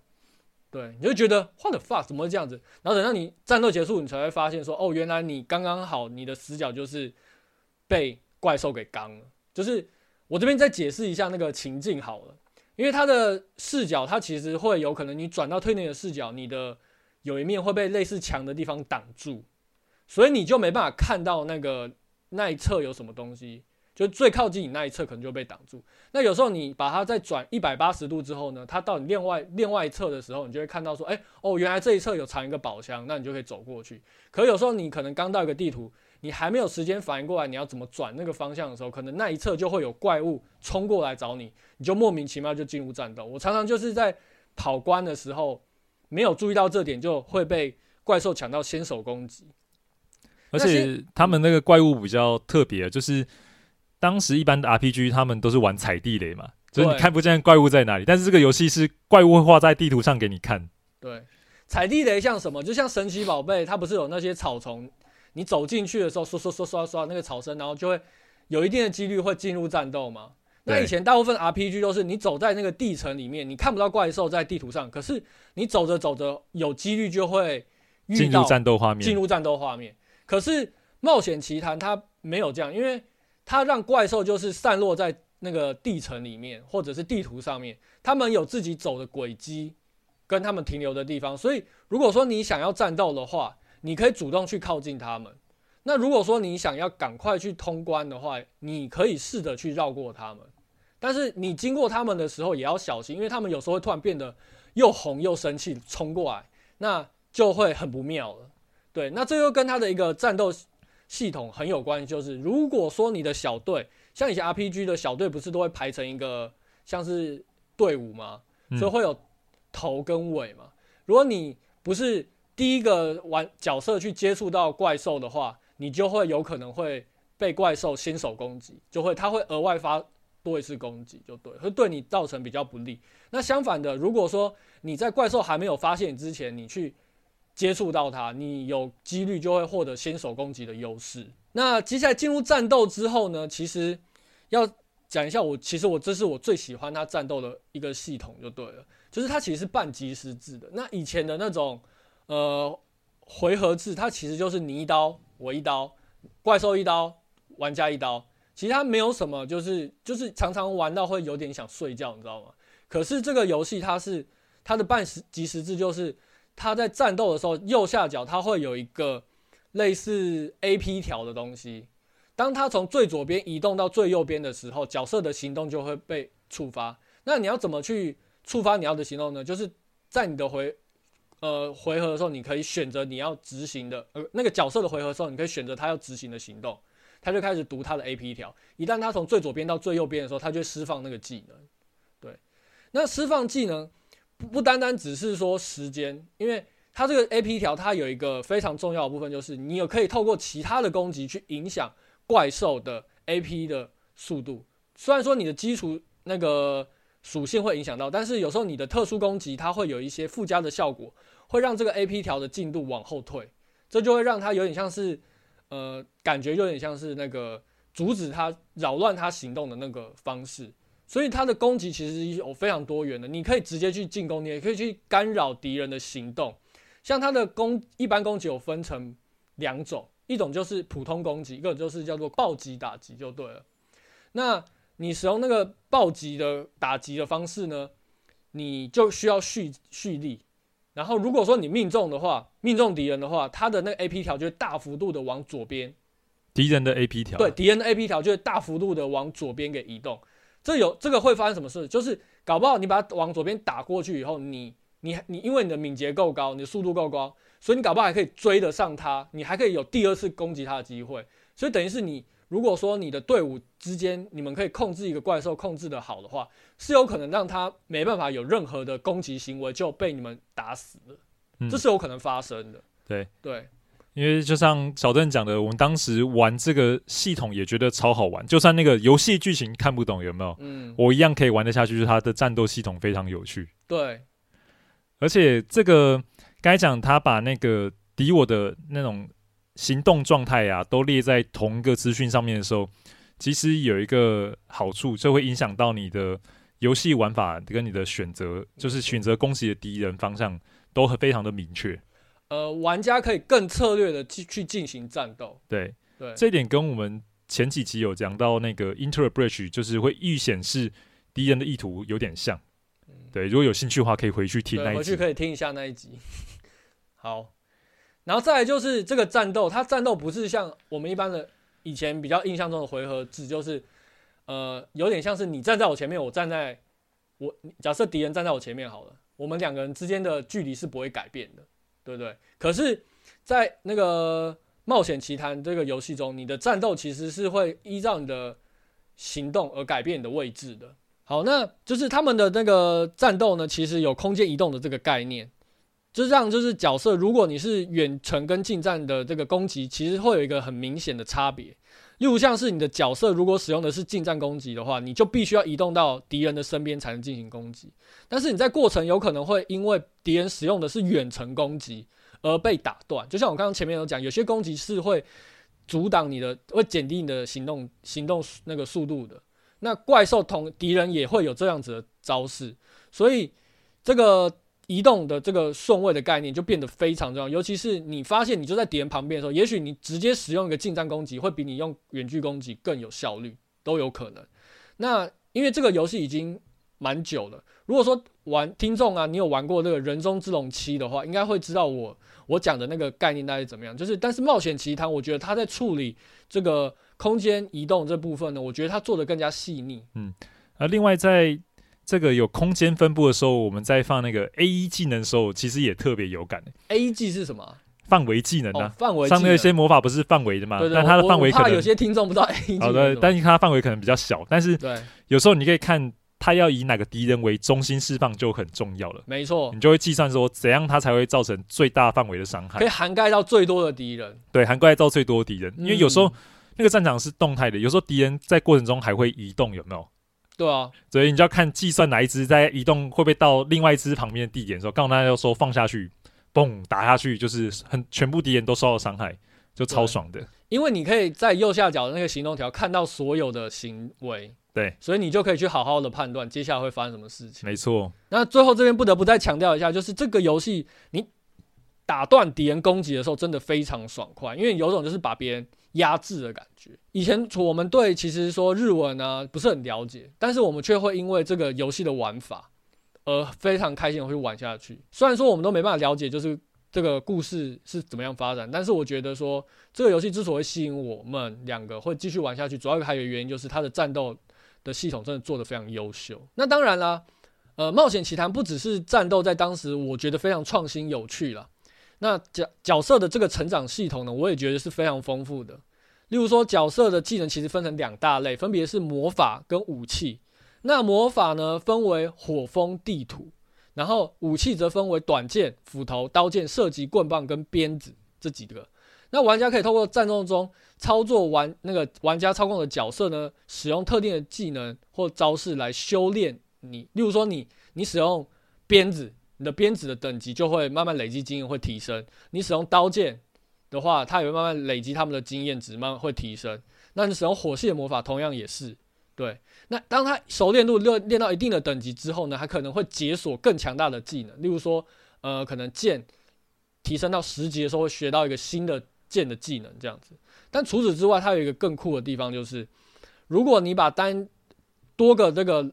對，你就覺得 what the fuck 怎麼會這樣子？然後等到你戰鬥結束，你才會發現說，哦，原來你剛剛好你的死角就是被怪獸給剛了。就是我這邊再解釋一下那個情境好了，因為它的視角，它其實會有可能你轉到推內的視角，你的有一面會被類似牆的地方擋住，所以你就沒辦法看到那個。那一側有什麼東西，就最靠近你那一側可能就被擋住。那有時候你把它再轉一百八十度之後呢，它到你另外另外一側的時候，你就會看到說，哎、欸、哦，原來這一側有藏一個寶箱，那你就可以走過去。可有時候你可能剛到一個地圖，你還沒有時間反應過來你要怎麼轉那個方向的時候，可能那一側就會有怪物衝過來找你，你就莫名其妙就進入戰鬥。我常常就是在跑關的時候沒有注意到這點，就會被怪獸搶到先手攻擊。而且他們那個怪物比較特別，就是當時一般的 RPG，他們都是玩踩地雷嘛，就是你看不見怪物在哪裡。但是這個遊戲是怪物會畫在地圖上給你看。對，踩地雷像什麼？就像神奇寶貝，它不是有那些草叢，你走進去的時候，刷刷刷刷刷那個草聲，然後就會有一定的幾率會進入戰鬥嘛。對 那以前大部分 RPG 都是你走在那個地層裡面，你看不到怪獸在地圖上，可是你走着走着有幾率就會進入戰鬥畫面，進入戰鬥畫面。可是冒險奇譚它沒有這樣，因為它讓怪獸就是散落在那個地層裡面，或者是地圖上面，他們有自己走的軌跡，跟他們停留的地方。所以如果說你想要戰鬥的話，你可以主動去靠近他們；那如果說你想要趕快去通關的話，你可以試着去繞過他們。但是你經過他們的時候也要小心，因為他們有時候會突然變得又紅又生氣，衝過來，那就會很不妙了。對，那這又跟他的一個戰鬥系統很有關係。就是如果說你的小隊，像以前 RPG 的小隊，不是都會排成一個像是隊伍嗎？所以會有頭跟尾嘛。嗯、如果你不是第一個玩角色去接觸到怪獸的話，你就會有可能會被怪獸先手攻擊，就會它會額外發多一次攻擊，就對，會對你造成比較不利。那相反的，如果說你在怪獸還沒有發現你之前，你去。接觸到它，你有幾率就會獲得先手攻擊的優勢。那接下來進入戰鬥之後呢，其實要講一下我，我其實我這是我最喜歡它戰鬥的一個系統就對了，就是它其實是半即時制的。那以前的那種呃回合制，它其實就是你一刀我一刀，怪獸一刀玩家一刀，其實它沒有什麼，就是就是常常玩到會有點想睡覺，你知道嗎？可是這個遊戲它是它的半時即時制就是。他在戰鬥的時候，右下角他會有一個類似 AP 條的東西。當他從最左邊移動到最右邊的時候，角色的行動就會被觸發。那你要怎麼去觸發你要的行動呢？就是在你的回呃回合的時候，你可以選擇你要執行的呃那個角色的回合的時候，你可以選擇他要執行的行動，他就開始讀他的 AP 條。一旦他從最左邊到最右邊的時候，他就釋放那個技能。對，那釋放技能。不不單單只是說時間，因為它這個 AP 條它有一個非常重要的部分，就是你也可以透過其他的攻擊去影響怪獸的 AP 的速度。雖然說你的基礎那個屬性會影響到，但是有時候你的特殊攻擊它會有一些附加的效果，會讓這個 AP 條的進度往後退，這就會讓它有點像是，呃，感覺有點像是那個阻止它、擾亂它行動的那個方式。所以他的攻擊其實有非常多元的，你可以直接去進攻，你也可以去干擾敵人的行動。像他的攻一般攻擊有分成兩種，一種就是普通攻擊，一個就是叫做暴擊打擊就對了。那你使用那個暴擊的打擊的方式呢？你就需要蓄蓄力，然後如果說你命中的話，命中敵人的話，他的那個 A P 條就會大幅度的往左邊。敵人的 A P 條對，敵人的 A P 條就會大幅度的往左邊給移動。這有這個會發生什麼事？就是搞不好你把它往左邊打過去以後你，你你你，因為你的敏捷夠高，你的速度夠高，所以你搞不好還可以追得上它，你還可以有第二次攻擊它的機會。所以等於是你，如果說你的隊伍之間你們可以控制一個怪獸控制得好的話，是有可能讓它沒辦法有任何的攻擊行為就被你們打死了，嗯、這是有可能發生的。對對。對因為就像小鄧講的，我們當時玩這個系統也覺得超好玩，就算那個遊戲劇情看不懂有沒有？嗯，我一樣可以玩得下去，就是它的戰鬥系統非常有趣。對，而且這個該講，他把那個敵我的那種行動狀態呀，都列在同一個資訊上面的時候，其實有一個好處，就會影響到你的遊戲玩法跟你的選擇，就是選擇攻擊的敵人方向都很非常的明確。呃，玩家可以更策略的去去進行戰鬥。對，對，這點跟我們前幾集有講到那個 Interbreach，就是會預顯示敵人的意圖，有點像。嗯、對，如果有興趣的話，可以回去聽那一集，回去可以聽一下那一集。好，然後再來就是這個戰鬥，它戰鬥不是像我們一般的以前比較印象中的回合制，只就是呃，有點像是你站在我前面，我站在我，假設敵人站在我前面好了，我們兩個人之間的距離是不會改變的。對不對？可是，在那個《冒險奇譚》這個遊戲中，你的戰鬥其實是會依照你的行動而改變你的位置的。好，那就是他們的那個戰鬥呢，其實有空間移動的這個概念，就這樣，就是角色，如果你是遠程跟近戰的這個攻擊，其實會有一個很明顯的差別。例如，像是你的角色如果使用的是近戰攻擊的話，你就必須要移動到敵人的身邊才能進行攻擊。但是你在過程有可能會因為敵人使用的是遠程攻擊而被打斷。就像我剛剛前面有講，有些攻擊是會阻擋你的，會減低你的行動行動那個速度的。那怪獸同敵人也會有這樣子的招式，所以這個。移動的這個順位的概念就變得非常重要，尤其是你發現你就在敵人旁邊的時候，也許你直接使用一個近戰攻擊會比你用遠距攻擊更有效率，都有可能。那因為這個遊戲已經蠻久了，如果說玩聽眾啊，你有玩過這個人中之龍七的話，應該會知道我我講的那個概念大概是怎麼樣。就是，但是冒險奇譚，我覺得他在處理這個空間移動這部分呢，我覺得他做得更加細膩。嗯，而另外在。這個有空間分布的時候，我們在放那個 A 一、e、技能的時候，其實也特別有感、欸。A 一技是什麼？範圍技能呢、啊？範圍、哦。上面那些魔法不是範圍的嗎？對對對，但它的範圍可能有些聽眾不知道 A 一技能。好的、哦，但是它範圍可能比較小。但是，有時候你可以看它要以哪個敵人為中心釋放就很重要了。沒錯對。你就會計算說怎樣它才會造成最大範圍的傷害，可以涵蓋到最多的敵人。對，涵蓋到最多敵人。嗯、因為有時候那個戰場是動態的，有時候敵人在過程中還會移動，有沒有？對啊，所以你就要看計算哪一只在移動會不會到另外一只旁邊的地點的時候，剛剛大家說放下去，嘣，打下去，就是很全部敵人都受到傷害，就超爽的。因為你可以在右下角的那個行動條看到所有的行為，對，所以你就可以去好好的判斷接下來會發生什麼事情。沒錯，那最後這邊不得不再強調一下，就是這個遊戲你。打斷敵人攻擊的時候，真的非常爽快，因為有種就是把別人壓制的感覺。以前我們對其實說日文呢、啊、不是很了解，但是我們卻會因為這個遊戲的玩法而非常開心地會玩下去。雖然說我們都沒辦法了解就是這個故事是怎麼樣發展，但是我覺得說這個遊戲之所以吸引我們兩個會繼續玩下去，主要還有一個原因就是它的戰鬥的系統真的做得非常優秀。那當然啦，呃，冒險奇譚不只是戰鬥，在當時我覺得非常創新有趣了。那角角色的這個成長系統呢，我也覺得是非常豐富的。例如說，角色的技能其實分成兩大類，分別是魔法跟武器。那魔法呢，分為火、風、地、土，然後武器則分為短劍、斧頭、刀劍、射擊、棍棒跟鞭子這幾個。那玩家可以透過戰鬥中操作玩那個玩家操控的角色呢，使用特定的技能或招式來修煉你。例如說你，你你使用鞭子。你的鞭子的等級就會慢慢累積經驗，會提升。你使用刀劍的話，它也會慢慢累積他們的經驗值，慢慢會提升。那你使用火系的魔法，同樣也是對。那當它熟練度練練到一定的等級之後呢，他可能會解鎖更強大的技能。例如說，呃，可能劍提升到十級的時候，會學到一個新的劍的技能這樣子。但除此之外，它有一個更酷的地方就是，如果你把單多個這個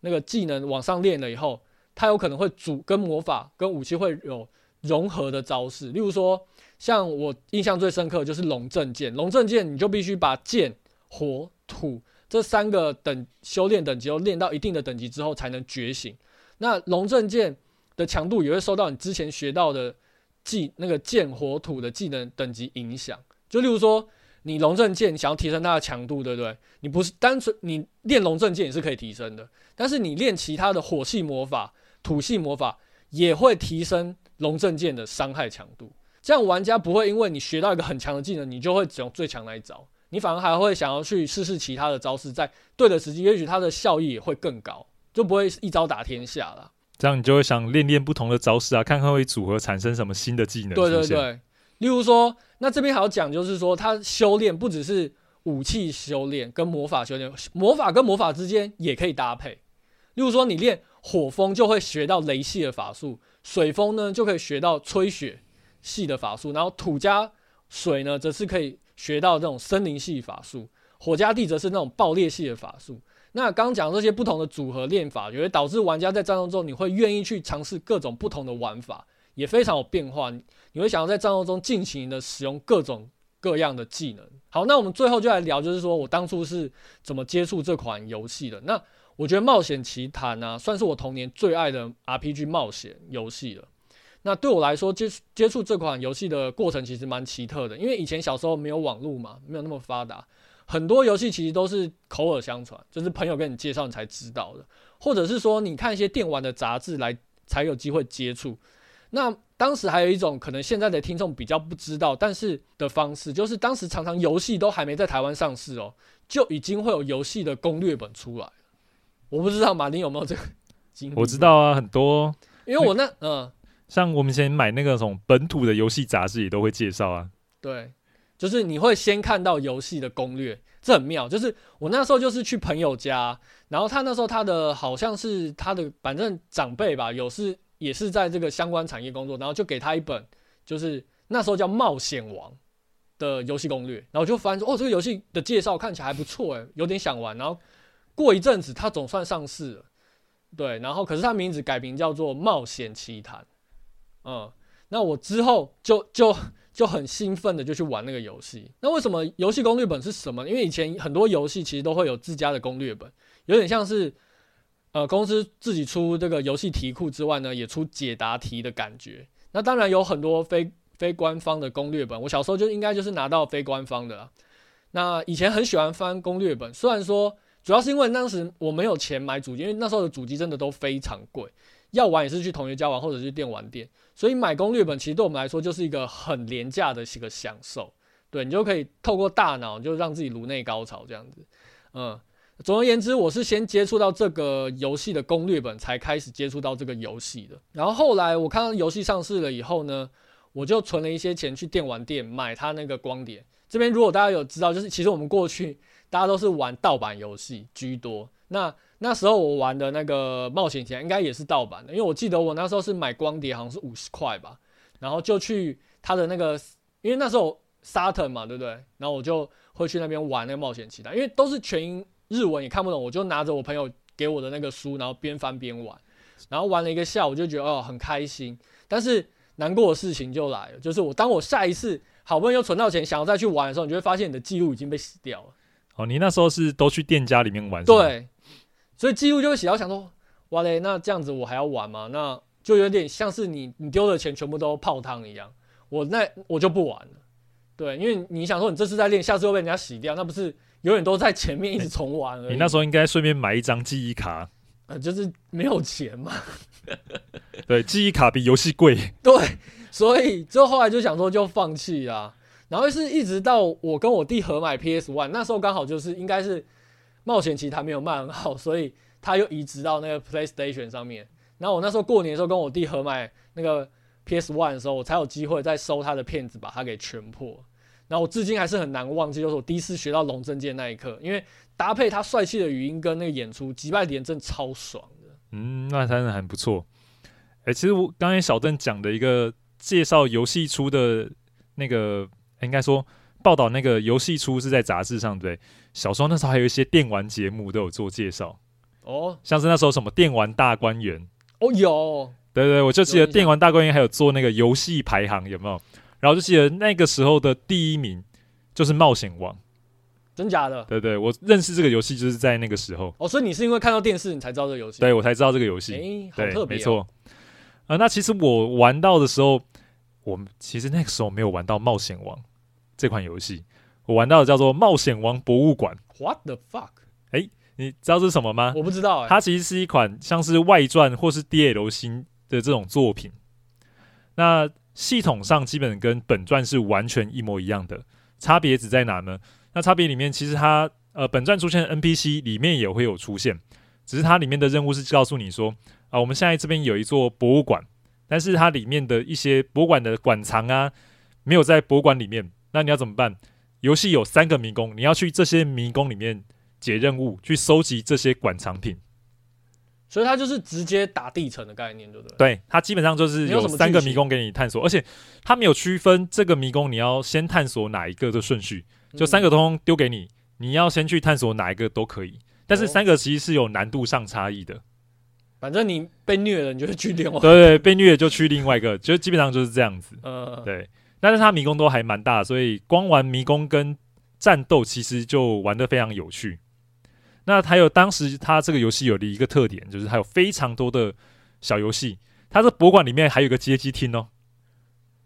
那個技能往上練了以後。它有可能會組跟魔法跟武器會有融合的招式，例如說像我印象最深刻就是龍正劍，龍正劍你就必須把劍火土這三個等修煉等級都練到一定的等級之後才能覺醒。那龍正劍的強度也會受到你之前學到的技那個劍火土的技能等級影響。就例如說你龍正劍想要提升它的強度，對不對？你不是單純你練龍正劍也是可以提升的，但是你練其他的火系魔法。土系魔法也會提升龍正劍的傷害強度，這樣玩家不會因為你學到一個很強的技能，你就會只用最強那一招，你反而還會想要去試試其他的招式，在對的時機，也許它的效益也會更高，就不會一招打天下了。這樣你就會想練練不同的招式啊，看看會組合產生什麼新的技能。對對對，例如說，那這邊還要講，就是說，它修煉不只是武器修煉跟魔法修煉，魔法跟魔法之間也可以搭配。例如說，你練。火風就會學到雷系的法術，水風呢就可以學到吹雪系的法術，然後土加水呢則是可以學到這種森林系的法術，火加地則是那種爆裂系的法術。那剛講這些不同的組合練法，也會導致玩家在戰鬥中你會願意去嘗試各種不同的玩法，也非常有變化。你會想要在戰鬥中盡情的使用各種各樣的技能。好，那我們最後就來聊，就是說我當初是怎麼接觸這款遊戲的。那我覺得《冒險奇譚》啊，算是我童年最愛的 RPG 冒險遊戲了。那對我來說，接接觸這款遊戲的過程其實蠻奇特的，因為以前小時候沒有網絡嘛，沒有那麼發達，很多遊戲其實都是口耳相傳，就是朋友跟你介紹你才知道的，或者是說你看一些電玩的雜誌來才有機會接觸。那當時還有一種可能現在的聽眾比較不知道，但是的方式，就是當時常常遊戲都還沒在台灣上市哦，就已經會有遊戲的攻略本出來。我不知道馬丁有沒有這個經歷，我知道啊，很多，因為我那嗯，像我們以前買那個什麼本土的遊戲雜誌也都會介紹啊，對，就是你會先看到遊戲的攻略，這很妙，就是我那時候就是去朋友家，然後他那時候他的好像是他的反正長輩吧，有是也是在這個相關產業工作，然後就給他一本，就是那時候叫《冒險王》的遊戲攻略，然後就發現說哦，這個遊戲的介紹看起來還不錯誒、欸，有點想玩，然後。過一陣子，它總算上市了，對，然後可是它名字改名叫做《冒險奇譚》。嗯，那我之後就就就很興奮的就去玩那個遊戲。那為什麼遊戲攻略本是什麼呢？因為以前很多遊戲其實都會有自家的攻略本，有點像是呃公司自己出這個遊戲題庫之外呢，也出解答題的感覺。那當然有很多非非官方的攻略本，我小時候就應該就是拿到非官方的。那以前很喜歡翻攻略本，雖然說。主要是因為當時我沒有錢買主機，因為那時候的主機真的都非常貴，要玩也是去同學家玩，或者是去電玩店。所以買攻略本其實對我們來說就是一個很廉價的一個享受，對你就可以透過大腦就讓自己顱內高潮這樣子。嗯，總而言之，我是先接觸到這個遊戲的攻略本，才開始接觸到這個遊戲的。然後後來我看到遊戲上市了以後呢，我就存了一些錢去電玩店買它那個光碟。這邊如果大家有知道，就是其實我們過去。大家都是玩盜版遊戲居多。那那時候我玩的那個冒險奇譚應該也是盜版的，因為我記得我那時候是買光碟，好像是五十塊吧。然後就去他的那個，因為那時候 Saturn 嘛，對不對？然後我就會去那邊玩那個冒險奇譚，因為都是全英日文也看不懂，我就拿着我朋友給我的那個書，然後邊翻邊玩。然後玩了一個下午，就覺得哦，很開心。但是難過的事情就來了，就是我當我下一次好不容易又存到錢，想要再去玩的時候，你就會發現你的記錄已經被洗掉了。哦，你那時候是都去店家裡面玩？對，所以記錄就會洗到想說，哇嘞，那這樣子我還要玩嗎？那就有點像是你你丟的錢全部都泡湯一樣，我那我就不玩了。對，因為你想說你這次在練，下次又被人家洗掉，那不是永遠都在前面一直重玩？欸，你那時候應該順便買一張記憶卡。啊、呃，就是沒有錢嘛， 對，記憶卡比遊戲貴，對，所以就後來就想說就放棄啊。然後是一直到我跟我弟合買 PS One，那時候剛好就是應該是冒險奇譚，他沒有賣很好，所以他又移植到那個 PlayStation 上面。然後我那時候過年的時候跟我弟合買那個 PS One 的時候，我才有機會再收他的片子，把它給全破。然後我至今還是很難忘記，就是我第一次學到龍正劍那一刻，因為搭配他帥氣的語音跟那個演出，擊敗敵人超爽的。嗯，那他真的很不錯。哎、欸，其實我剛才小鄧講的一個介紹遊戲出的那個。應該說，報道那個遊戲出是在雜誌上，對，小時候那時候還有一些電玩節目都有做介紹哦，像是那時候什麼電玩大觀園哦，有對,對對，我就記得電玩大觀園還有做那個遊戲排行有沒有？然後就記得那個時候的第一名就是冒險王，真假的？對,對對，我認識這個遊戲就是在那個時候哦，所以你是因為看到電視你才知道這個遊戲，對，我才知道這個遊戲，哎、欸，對好特別啊、沒錯、呃、那其實我玩到的時候，我其實那個時候沒有玩到冒險王。這款遊戲我玩到的叫做《冒險王博物館》。What the fuck？誒、欸，你知道是什麼嗎？我不知道、欸。它其實是一款像是外傳或是 D L 新的這種作品。那系統上基本跟本傳是完全一模一樣的，差別只在哪呢？那差別裡面其實它呃本傳出現的 N P C 裡面也會有出現，只是它裡面的任務是告訴你說啊、呃，我們現在這邊有一座博物館，但是它裡面的一些博物館的館藏啊，沒有在博物館裡面。那你要怎麼辦？遊戲有三個迷宮，你要去這些迷宮裡面解任務，去收集這些館藏品。所以它就是直接打地層的概念，對，對不對？對，它基本上就是有三個迷宮給你探索，而且它沒有區分這個迷宮你要先探索哪一個的順序，嗯、就三個通通丟給你，你要先去探索哪一個都可以。但是三個其實是有難度上差異的、哦。反正你被虐了，你就會去另外。對對， 被虐就去另外一個，就基本上就是這樣子。嗯、呃，對。但是它迷宮都還蠻大，所以光玩迷宮跟戰鬥其實就玩得非常有趣。那還有當時它這個遊戲有的一個特點，就是它有非常多的小遊戲。它這博物館裡面還有一個街機廳哦，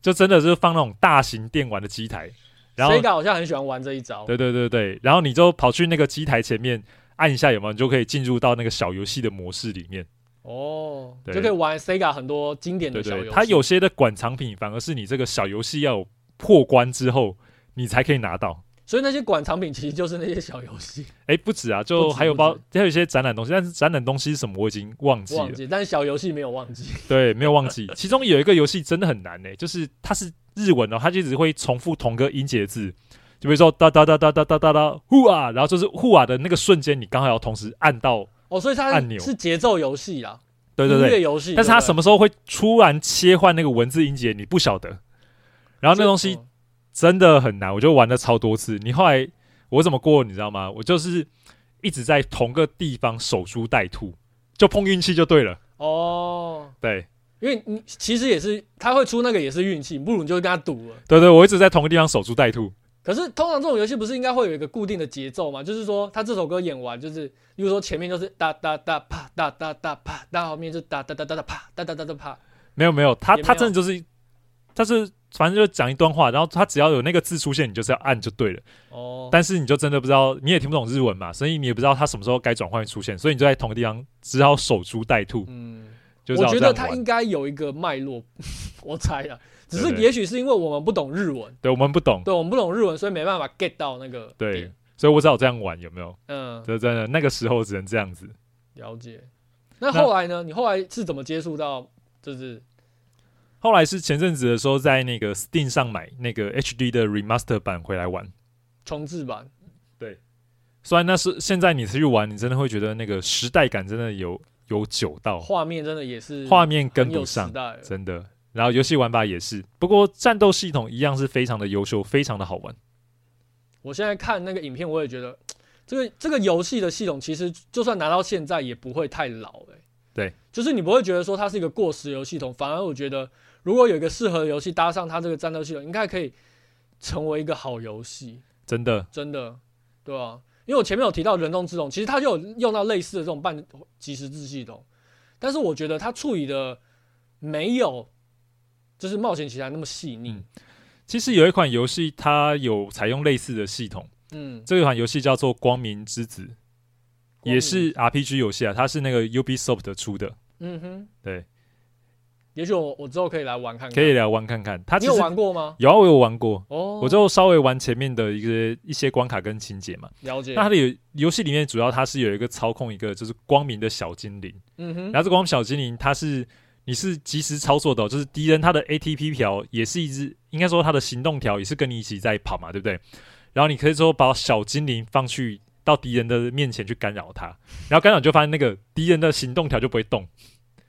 就真的是放那種大型電玩的機台。然後 SEGA 好像很喜歡玩這一招。對對對對，然後你就跑去那個機台前面按一下，有沒有？你就可以進入到那個小遊戲的模式裡面。哦，對，就可以玩 Sega 很多經典的小遊戲。對，它有些的館藏品反而是你這個小遊戲要破關之後，你才可以拿到。所以那些館藏品其實就是那些小遊戲。哎，不止啊，就還有包，還有一些展覽東西。但是展覽東西是什麼我已經忘記了。忘記，但是小遊戲沒有忘記。對，沒有忘記。其中有一個遊戲真的很難呢，就是它是日文哦，它就只會重複同個音節字，就比如說噠噠噠噠噠噠噠噠呼啊，然後就是呼啊的那個瞬間，你剛好要同時按到。哦，所以它是按鈕是節奏遊戲啦，對對對，音樂遊戲。但是它什麼時候會突然切換那個文字音節，你不曉得。然後那東西真的很難，我就玩了超多次。你後來我怎麼過，你知道嗎？我就是一直在同個地方守株待兔，就碰運氣就對了。哦，對，因為你其實也是，他會出那個也是運氣，不如你就跟他賭了。對，對對，我一直在同個地方守株待兔。可是通常這種遊戲不是應該會有一個固定的節奏嗎？就是說他這首歌演完，就是比如說前面就是噠噠噠啪噠噠噠啪，然後後面就噠噠噠噠噠啪噠噠噠噠啪。沒有沒有，他他真的就是，他是反正就講一段話，然後他只要有那個字出現，你就是要按就對了。哦。但是你就真的不知道，你也聽不懂日文嘛，所以你也不知道他什麼時候該轉換出現，所以你就在同個地方只好守株待兔。嗯。我覺得他應該有一個脈絡，我猜的。只是也許是因為我們不懂日文，對，對，對我們不懂，對我們不懂日文，所以沒辦法 get 到那個。對，嗯、所以我只好這樣玩，有沒有？嗯，就真的，那個時候只能這樣子。了解。那後來呢？那你後來是怎麼接觸到？就是後來是前陣子的時候，在那個 Steam 上買那個 HD 的 Remaster 版回來玩。重製版。對。雖然那是現在你出去玩，你真的會覺得那個時代感真的有有久到，畫面真的也是畫面跟不上，真的。然後遊戲玩法也是，不過戰鬥系統一樣是非常的優秀，非常的好玩。我現在看那個影片，我也覺得這個這個遊戲的系統，其實就算拿到現在也不會太老了、欸、對，就是你不會覺得說它是一個過時遊戲系統，反而我覺得如果有一個適合的遊戲搭上它這個戰鬥系統，應該可以成為一個好遊戲。真的？真的？對啊，因為我前面有提到人中之龍，其實它就有用到類似的這種半即時制系統，但是我覺得它處理的沒有。就是冒險奇譚那麼細膩、嗯，其實有一款遊戲它有採用類似的系統，嗯，這一款遊戲叫做《光明之子》之子，也是 RPG 遊戲啊，它是那個 Ubisoft 出的，嗯哼，對，也許我我之後可以來玩看看，可以來玩看看，它你有玩過嗎？有啊，我有玩過，哦，我就稍微玩前面的一個一些關卡跟情節嘛，了解。那它的遊戲裡面主要它是有一個操控一個就是光明的小精靈，嗯哼，然後這光明小精靈它是你是即時操作的、哦，就是敵人他的 ATP 條也是一直，應該說他的行動條也是跟你一起在跑嘛，對不對？然後你可以說把小精靈放去到敵人的面前去干擾他，然後干擾你就發現那個敵人的行動條就不會動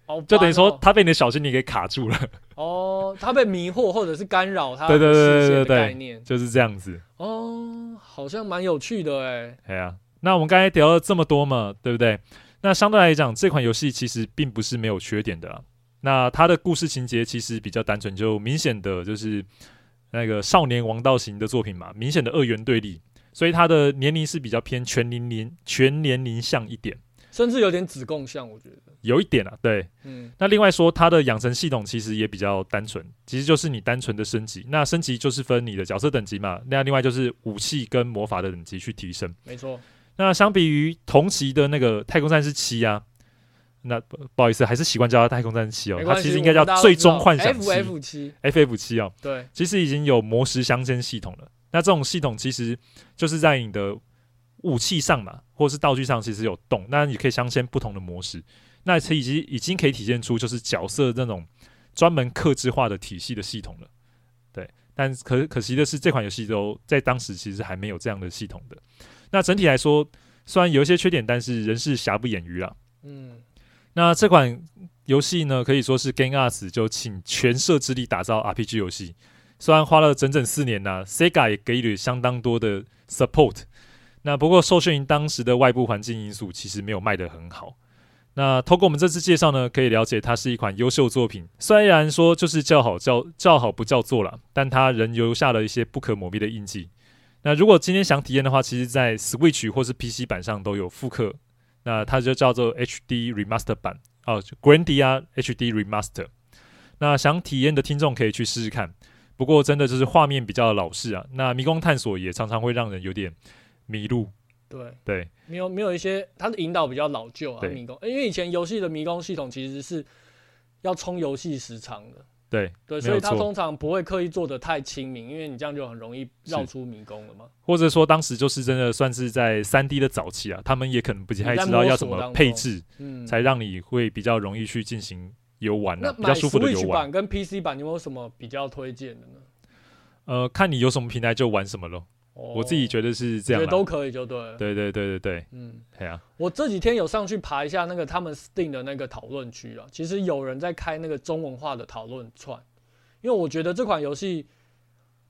，oh、就等於說他被你的小精靈給卡住了。Oh, 哦，他被迷惑或者是干擾他。對對對對對，就是這樣子。哦，好像蠻有趣的哎。哎呀，那我們剛才聊了這麼多嘛，對不對？那相對來講，這款遊戲其實並不是沒有缺點的。那他的故事情節其實比較單純，就明顯的就是那個少年王道型的作品嘛，明顯的二元對立，所以他的年齡是比較偏全年齡全年齡向一點，甚至有點子供向。我覺得有一點啊，對，嗯，那另外說它的養成系統其實也比較單純，其實就是你單純的升級，那升級就是分你的角色等級嘛，那另外就是武器跟魔法的等級去提升，沒錯，那相比於同期的那個太空戰士七啊。那不好意思，還是習慣叫它太空戰士哦。它其實應該叫最終幻想七。F F 七哦。對。其實已經有魔石鑲嵌系統了。那這種系統其實就是在你的武器上嘛，或者是道具上，其實有洞。那你可以鑲嵌不同的魔石，那其實已經可以體現出就是角色那種專門客製化的體系的系統了。對。但可可惜的是，這款遊戲都在當時其實還沒有這樣的系統的。那整體來說，雖然有一些缺點，但是仍是瑕不掩瑜啦。嗯。那這款遊戲呢，可以說是 Game Arts 就請全社之力打造 RPG 遊戲，雖然花了整整四年呢、啊、，Sega 也給予相當多的 support。那不過受限於當時的外部環境因素，其實沒有賣得很好。那通過我們這次介紹呢，可以了解它是一款優秀作品，雖然說就是叫好叫叫好不叫座了，但它仍留下了一些不可磨滅的印記。那如果今天想體驗的話，其實，在 Switch 或是 PC 版上都有復刻。那它就叫做 HD Remaster 版哦，Grandia HD Remaster。那想體驗的聽眾可以去試試看。不過真的就是畫面比較老式啊，那迷宮探索也常常會讓人有點迷路。對對，對沒有沒有一些它的引導比較老舊啊，對迷宮、欸。因為以前遊戲的迷宮系統其實是要充遊戲時長的。對，對所以他通常不會刻意做的太親民，因為你這樣就很容易繞出迷宮了嘛。或者說，當時就是真的算是在三 D 的早期啊，他們也可能不太知道要怎麼配置，嗯、才讓你會比較容易去進行遊玩，啊、那比較舒服的遊玩。Switch 版跟 PC 版有沒有什麼比較推薦的呢？呃，看你有什麼平台就玩什麼咯。Oh, 我自己覺得是這樣的，覺得都可以，就對了，對對對對對，嗯，對啊。我這幾天有上去爬一下那個他們 Steam 的那個討論區啊，其實有人在開那個中文化的討論串，因為我覺得這款遊戲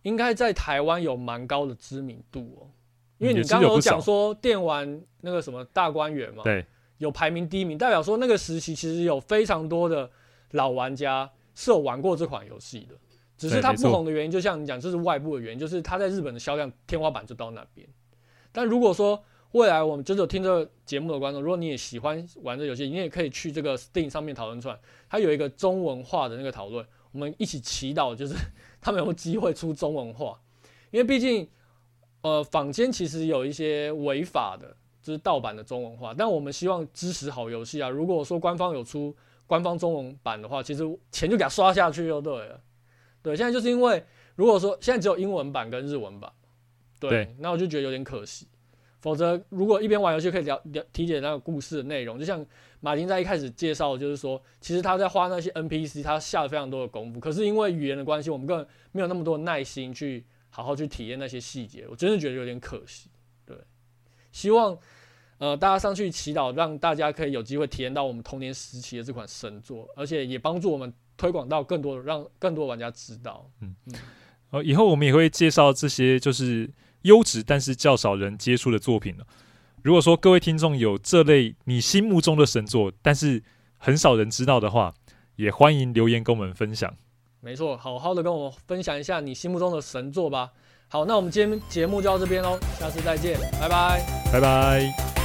應該在台灣有蠻高的知名度哦、喔。因為你剛剛有講說電玩那個什麼大觀園嘛，對、嗯，有，有排名第一名，代表說那個時期其實有非常多的老玩家是有玩過這款遊戲的。只是它不紅的原因，就像你講，這是外部的原因，就是它在日本的銷量天花板就到那邊。但如果說未來我們就是有聽着節目的觀眾，如果你也喜歡玩這遊戲，你也可以去這個 Steam 上面討論出來。它有一個中文化的那個討論，我們一起祈禱，就是他們有沒有機會出中文化？因為畢竟，呃，坊間其實有一些違法的，就是盜版的中文化，但我們希望支持好遊戲啊。如果說官方有出官方中文版的話，其實錢就給它刷下去就對了。對，現在就是因為如果說現在只有英文版跟日文版，對，對，那我就覺得有點可惜，否則，如果一邊玩遊戲可以了了體解那個故事的內容，就像馬丁在一開始介紹，就是說其實他在畫那些 NPC，他下了非常多的功夫。可是因為語言的關係，我們根本沒有那麼多耐心去好好去體驗那些細節。我真的覺得有點可惜。對，希望呃大家上去祈禱，讓大家可以有機會體驗到我們童年時期的這款神作，而且也幫助我們。推廣到更多的，讓更多玩家知道。嗯，嗯、呃，以後我們也會介紹這些就是優質但是較少人接觸的作品了。如果說各位聽眾有這類你心目中的神作，但是很少人知道的話，也歡迎留言跟我們分享。沒錯，好好的跟我們分享一下你心目中的神作吧。好，那我們今天節目就到這邊嘍，下次再見，拜拜，拜拜。